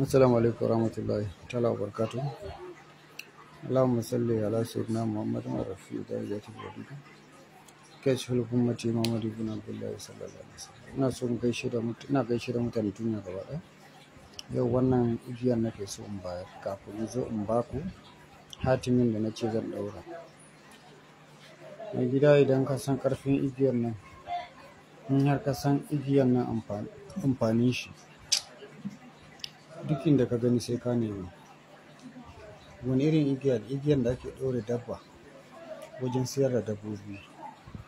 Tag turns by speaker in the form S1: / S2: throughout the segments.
S1: assalamu alaikum warahmatullahi ta'ala wabarakatuh Allahumma salli ala sayyidina Muhammadin wa rafi da ya tafi wadika kashful ummati Muhammad ibn Abdullah sallallahu alaihi wasallam ina so in gaishe da mutane ina gaishe da mutane duniya gaba ɗaya yau wannan ujiyar nake so in bayar kafin zo in ba ku hatimin da nace zan daura mai gida idan ka san karfin igiyar nan in har ka san igiyar nan amfanin shi duk inda ka gani sai ka nemi wani irin igiyar igiyar da ake ɗaure dabba wajen siyar da dabbobi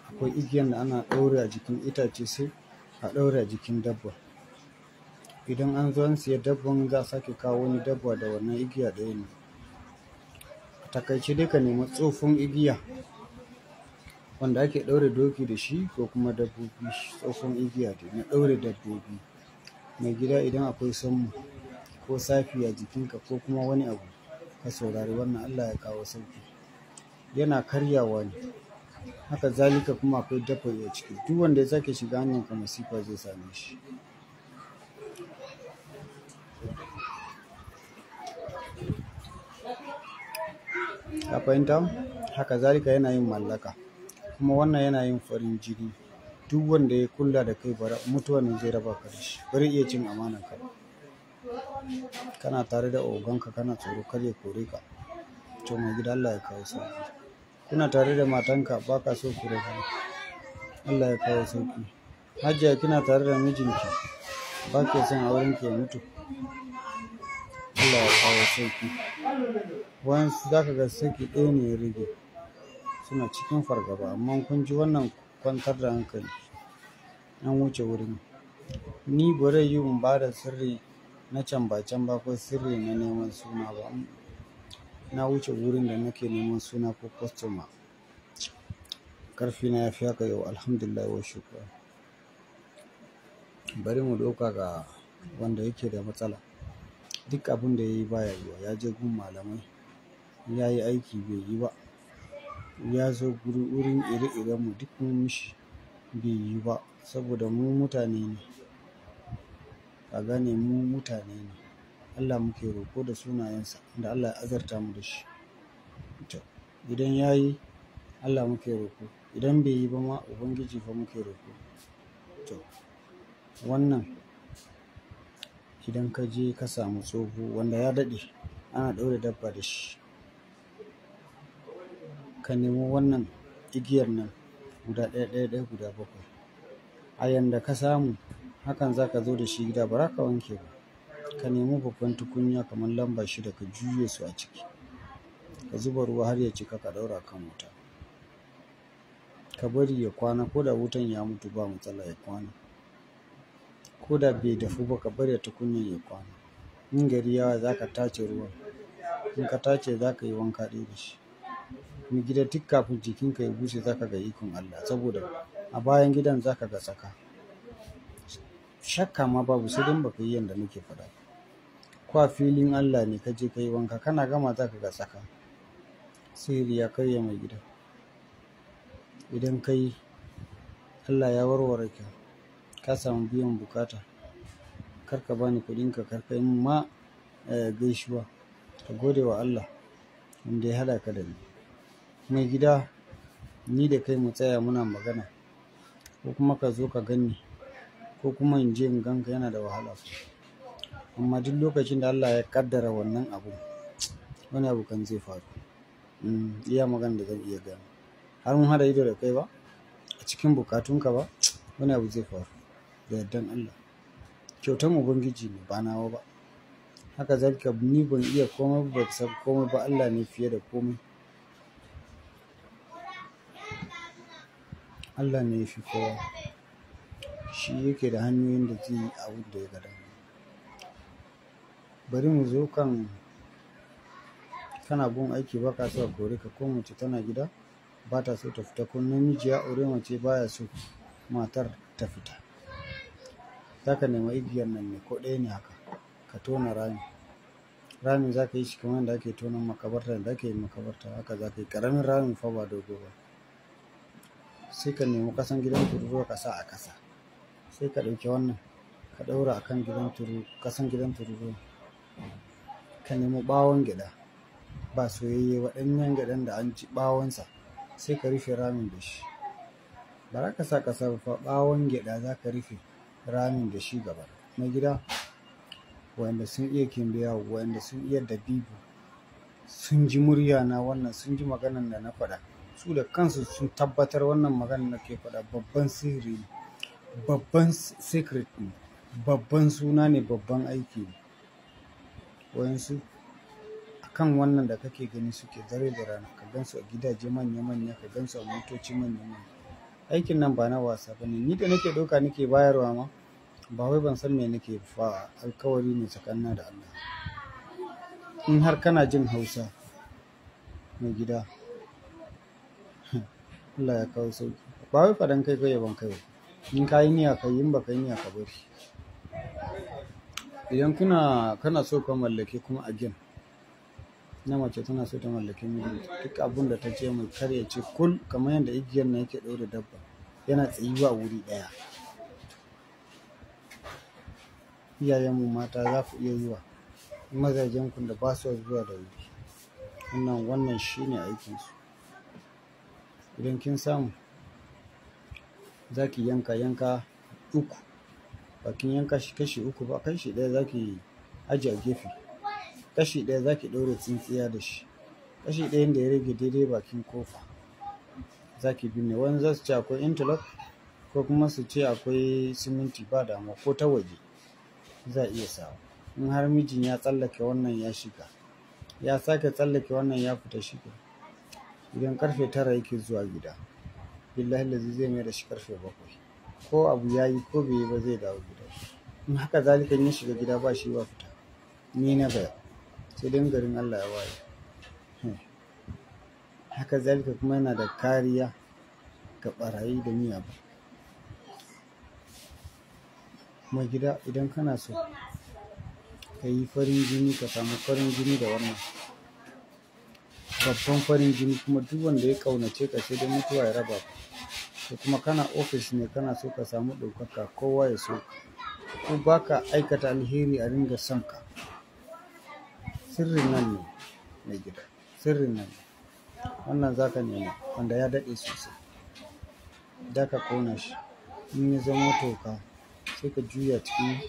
S1: akwai igiyar da ana ɗaure a jikin itace sai a ɗaure a jikin dabba idan an zo an siya dabban za a sake kawo wani dabba da wannan igiya ɗaya ne a takaice dai ka nemi tsofin igiya wanda ake ɗaure doki da shi ko kuma dabbobi tsofin igiya da na ɗaure dabbobi mai gida idan akwai sanmu ko safiya jikinka ko kuma wani abu ka saurari wannan Allah ya kawo sauki yana karyawa ne haka zalika kuma akwai dafa a ciki duk wanda ya sake shiga hannun ka masifa zai same shi ka fahimta haka zalika yana yin mallaka kuma wannan yana yin farin jini duk wanda ya kulla da kai bara mutuwa ne zai raba ka da shi bari iya cin amanar ka kana tare da oganka kana tsoro kar ya kore ka to mai gida Allah ya kawo sauki kuna tare da matanka ba ka so ku rabu Allah ya kawo sauki hajiya kina tare da mijinki ba ke son auren ki ya mutu Allah ya kawo sauki wayansu za ka ga saki ɗaya ne ya rage suna cikin fargaba amma kun ji wannan kwantar da hankali an wuce wurin ni bare yi in ba da sirri na can ba can ba ko sirri na neman suna ba na wuce wurin da nake neman suna ko kwastoma karfi na ya fi haka yau alhamdulillah wa shukura bari mu ɗauka ga wanda yake da matsala duk abin da ya yi baya yiwa ya je gun malamai ya yi aiki bai yi ba ya zo wurin ire-irenmu duk mun mishi bai yi ba saboda mu mutane ne a gane mu mutane ne Allah muke roko da sunayensa da Allah ya azarta mu da shi to idan yayi Allah muke roko idan bai yi ba ma ubangiji fa muke roko to wannan idan ka je ka samu tsoho wanda ya daɗe ana ɗaure dabba da shi ka nemo wannan igiyar nan guda ɗaya ɗaya ɗaya guda bakwai a yanda ka samu hakan za ka zo da shi gida ba ka wanke ba ka nemi babban tukunya kamar lamba shida ka juye su a ciki ka zuba ruwa har ya cika ka ɗaura kan wuta ka bari ya kwana ko da wutan ya mutu ba matsala ya kwana ko da bai dafu ba ka bari tukunya ya kwana in gari yawa za ka tace ruwan in ka tace za ka yi wanka ɗaya da shi Mu gida duk kafin jikinka ya bushe za ka ga ikon Allah saboda a bayan gidan za ka ga tsaka shakka ma babu sai dan baka yi yanda muke faɗa kwa filin Allah ne ka je ka yi wanka kana gama za ka ga tsaka sirri ya karya mai gida idan ka yi Allah ya warware ka ka samu biyan bukata kar ka bani kuɗinka kar ka yi ma eh, gaishuwa ka gode wa Allah wanda ya hada ka da ni mai gida ni da kai mu tsaya muna magana ko kuma ka zo ka gani ko kuma in je in ganka yana da wahala amma duk lokacin da Allah ya kaddara wannan abu wani abu kan zai faru mm, iya magana da zan iya gani har mun hada ido da kai ba a cikin bukatunka ba wani abu zai faru da yardan Allah mu ubangiji ne ba nawa ba haka zalika ni ban iya komai ba san komai ba Allah ne fiye da komai Allah ne ya fi kowa shi yake da hanyoyin da zai yi abin da ya ga dama bari mu zo kan kana gun aiki ba ka saba kore ka ko mace tana gida ba ta so ta fita ko namiji ya aure mace ya so matar ta fita za ka nema igiyar nan ne ko ɗaya ne haka ka tona rami ramin za ka yi shi kamar da ake tonon makabarta da ake yi makabarta haka za ka yi ƙaramin ramin fa ba dogo ba sai ka nemi kasan gidan ku ruwa ka a kasa sai ka ɗauki wannan ka ɗaura a kan gidan turu ƙasan gidan zuwa ka nemi ɓawon gyaɗa ba soyayye waɗannan gidan da an ci ɓawonsa sai ka rufe ramin da shi ba za ka sa ƙasa ba ɓawon gyaɗa za ka rufe ramin da shi gaba na gida wanda sun iya kimbiya wanda sun iya dabibu sun ji murya na wannan sun ji maganan da na faɗa su da kansu sun tabbatar wannan maganan da ke faɗa babban sihiri ne babban secret ne babban suna ne babban aiki ne wayansu kan wannan da kake gani suke dare da rana ka gansu a gidaje manya-manya ka gansu a motoci manya-manya aikin nan ba na wasa ba ne ni da nake ɗauka nake bayarwa ma ba wai ban san me nake fa alkawari ne tsakanina da Allah in har kana jin hausa mai gida Allah ya kawo sauki ba wai faɗan kai kai ban kai ba in ka yi niyya ka yi in baka yi niyya ka bari idan kuna kana so ka mallake kuma a gin, na mace tana so ta mallake mijinta duk abin da ta ce mai karya ce kul kamar yadda igiyar na yake ɗaure dabba yana tsayiwa wuri ɗaya iyayenmu mata za ku iya yi wa mazajenku da ba su zuwa da wuri wannan wannan shine aikinsu idan kin samu za ki yanka yanka uku bakin yanka shi kashi uku ba kashi ɗaya za ki ajiye a gefe kashi ɗaya za ki ɗaure tsintsiya da shi kashi ɗayan da ya rage daidai bakin kofa za ki binne wani za su ce akwai interlock ko kuma su ce akwai siminti ba damuwa ko ta waje za a iya sawa in har mijin ya tsallake wannan ya shiga ya sake tsallake wannan ya fita shiga idan karfe tara yake zuwa gida billahi lazi zai mai da shi karfe bakwai ko abu ya yi ko bai yi ba zai dawo gida in haka zalika ya shiga gida ba shi ba fita ni na gaya sai dan garin Allah ya waye hmm. haka zalika kuma yana da kariya ga barayi da miya ba. kuma gida idan kana so ka yi farin jini ka samu farin jini da wannan babban farin jini kuma duk wanda ya kaunace ka sai dai mutuwa ya raba ka to kuma kana ofis ne kana so ka samu ɗaukaka kowa ya so ko baka aikata alheri a ringa son ka sirrin nan ne mai gida sirrin nan ne wannan ka nema wanda ya daɗe sosai da ka kona shi in ya zama toka sai ka juya cikin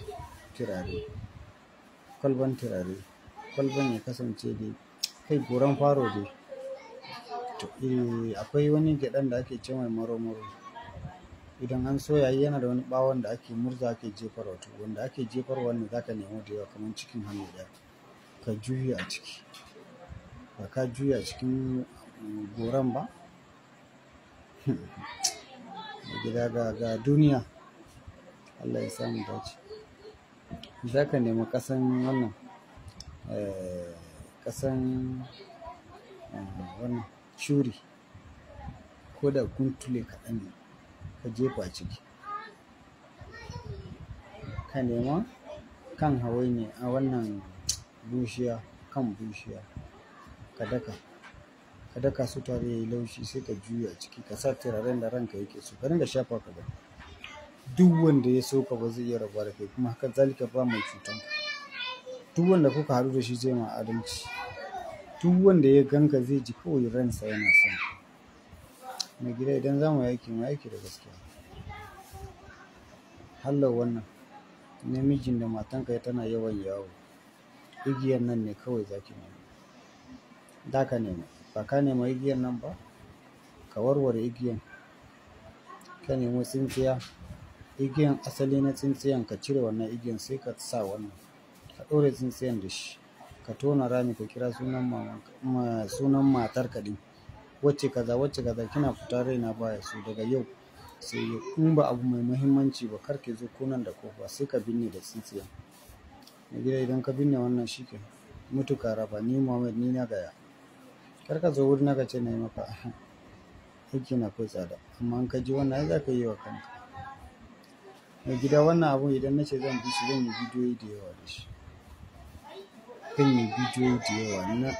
S1: turare kwalban turare kwalban ya kasance dai kai goran faro dai eh, akwai wani gyaɗan da ake ce mai maro-maro idan an soya yana da wani ɓawon da ake murza ake jefar wato wanda ake jefar za zaka nemo da yawa kamar cikin hannu ɗaya ka juya a ciki ba ka juya cikin mm, goran ba gida ga ga duniya Allah ya samu dace za ka nemi ƙasan wannan eh, kasan eh, wannan shuri ko da guntule kaɗan ne ka jefa ciki ka nema kan hawai ne a wannan bushiya kan bushiya ka daka ka daka su tare yayi laushi sai ka juya ciki ka sa turaren da ranka yake so ka dinga shafa ka ba duk wanda ya so ka ba zai iya rabuwa da kai kuma haka zalika ba mai cutan duk wanda kuka haɗu da shi zai ma adalci duk wanda ya ganka zai ji kawai ransa yana son mai gida idan za mu aiki mu aiki da gaskiya hallar wannan namijin da matanka tana yawan yawo igiyar nan ne kawai za ki nema da ka nema ba ka nema igiyar nan ba ka warware igiyar. ka nemi tsintsiya Igiyar asali na tsintsiyan ka cire wannan igiyar sai ka sa wannan ka ɗaure tsintsiyan da shi ka tona rami ka kira sunan matar ka ɗin wacce kaza wacce kaza kina fita raina baya so daga yau sai yau in ba abu mai muhimmanci ba kar ki zo konan da kofa sai ka binne da tsintsiyan Na gida idan ka binne wannan shi ke mutu ka raba ni muhammad ni na gaya kar ka zo wuri na ka ce na yi maka aiki na kai tsada amma in ka ji wannan za ka yi wa kanka mai gida wannan abun idan na ce zan bi shi zan yi bidiyoyi da yawa da shi kan yi bidiyo da yawa na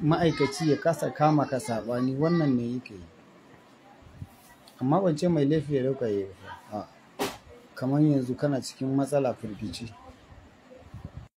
S1: ma'aikaci ya kasa kama ka saɓani wannan ne yake yi amma ban ce mai laifi ya dauka ya yi ba kamar yanzu kana cikin matsala firgici